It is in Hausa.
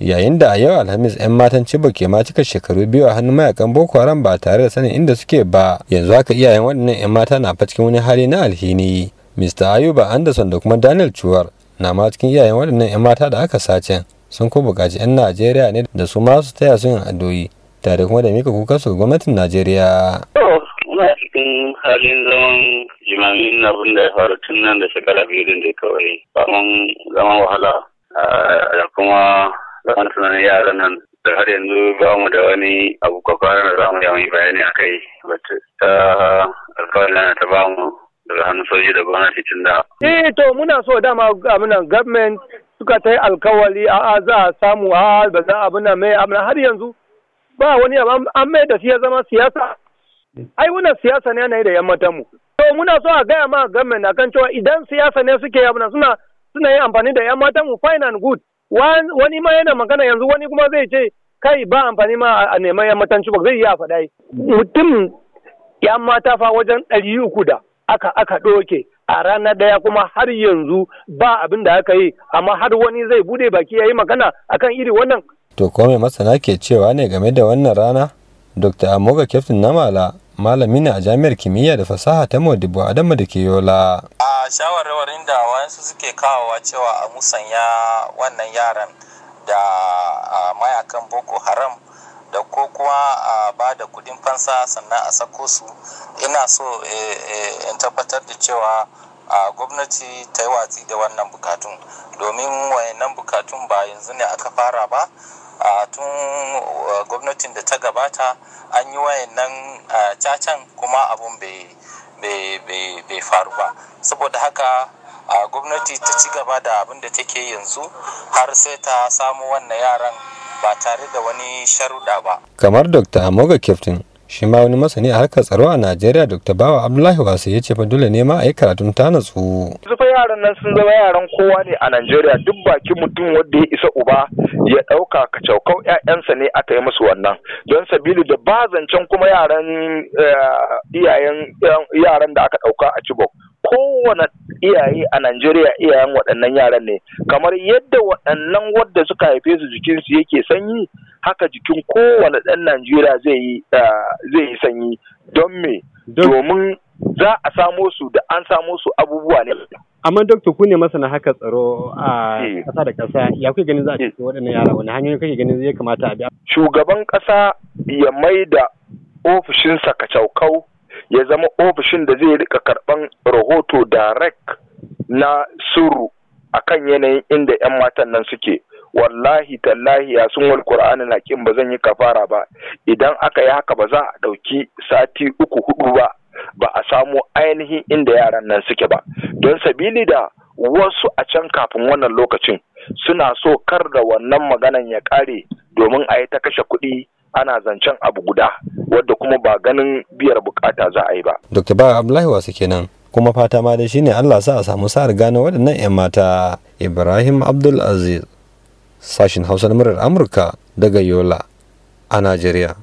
yayin da a yau alhamis 'yan matan ciba ke ma cika shekaru biyu a hannun mayakan boko haram ba tare da sanin inda suke ba yanzu haka iyayen waɗannan 'yan mata na fa cikin wani hali na alhini mr ayuba anderson da kuma daniel chuwar na ma cikin iyayen waɗannan 'yan mata da aka sace sun ko buƙaci 'yan najeriya ne da su masu su taya su yin addu'o'i tare kuma da mika kuka su ga gwamnatin najeriya muna cikin halin zaman jimamin abin da ya faru tun nan da shekara biyu da kawai zaman wahala ah, da kuma Zan tunanin yaran nan da har yanzu ba mu da wani abu kwakwara da za mu yi bayani a kai ta uh, alfahari na ta ba mu daga hannun soji da gwamnati tun da. Eh to muna so dama nan. government suka ta yi alkawali a za a samu a ba za a abin mai abin har yanzu ba wani abu an mai da shi ya zama siyasa. Ai muna siyasa ne yanayi da yammatan mu. To muna so a gaya ma government akan cewa idan siyasa ne suke abin suna suna yin amfani da yammatan mu fine and good. wani ma yana magana yanzu wani kuma zai ce kai ba amfani ma a neman matan cibok zai yi a faɗa mutum yan mata fa wajen ɗari uku da aka aka ɗoke a rana ɗaya kuma har yanzu ba abin da aka yi amma har wani zai bude baki ya yi magana akan iri wannan. to ko mai masana ke cewa ne game da wannan rana dr amoga kyaftin namala malami ne a jami'ar kimiyya da fasaha ta modibo adamu da ke yola a shawarwarin da wayansu suke kawowa cewa a musanya wannan yaran da mayakan boko haram da ko kuma a ba da kudin fansa sannan a sako su ina so eh, eh, in tabbatar da cewa a gwamnati ta yi watsi da wannan bukatun domin wayannan bukatun ba yanzu ne aka fara ba a tun eh, gwamnatin da ta gabata an yi wayannan cacan kuma abun bai bai faru ba saboda haka a gwamnati ta ci gaba da abin da take yanzu har sai ta samu wannan yaran ba tare da wani sharuɗa ba kamar dokta moga kyaftin shi ma wani masani a harkar tsaro a najeriya dr bawa abdullahi wasu ya ce fa dole ne ma a yi karatun ta natsu fa yaran nan sun zama yaran kowa ne a najeriya duk bakin mutum wanda ya isa uba ya ɗauka ka caukau ‘ya'yansa ne aka yi musu wannan don sabilu da ba zancen kuma yaran eh, iyayen yaran da aka ɗauka a cibok kowane iyaye a Najeriya iyayen waɗannan yaran ne kamar yadda waɗannan wadda suka haife su jikinsu yake sanyi haka jikin kowane ɗan Najeriya zai yi eh, sanyi don me domin za a samo su da an samo su abubuwa ne amma dokta ku ne masana haka tsaro a eh. ƙasa da ƙasa ya kuke ganin za a cikin waɗannan yara wani hanyoyi kake ganin zai kamata a biya. shugaban ƙasa ya mai da ofishinsa kacaukau ya zama ofishin da zai rika karɓan rahoto direct na suru akan yanayin inda 'yan matan nan suke wallahi tallahi ya sun wal na hakim ba zan yi kafara ba idan aka yi haka ba za a ɗauki sati uku hudu ba ba a samu ainihin inda yaran nan suke ba don sabili da wasu a can kafin wannan lokacin suna so kar da wannan maganan ya ƙare domin a yi ta kashe kuɗi ana zancen abu guda wadda kuma ba ganin biyar bukata za a yi ba. Dr. Ba Abdullahi wasu kenan kuma fata ma dai shine Allah sa a samu sa'ar gane waɗannan 'yan mata Ibrahim Abdul Aziz sashin Hausa murar Amurka daga Yola a Najeriya.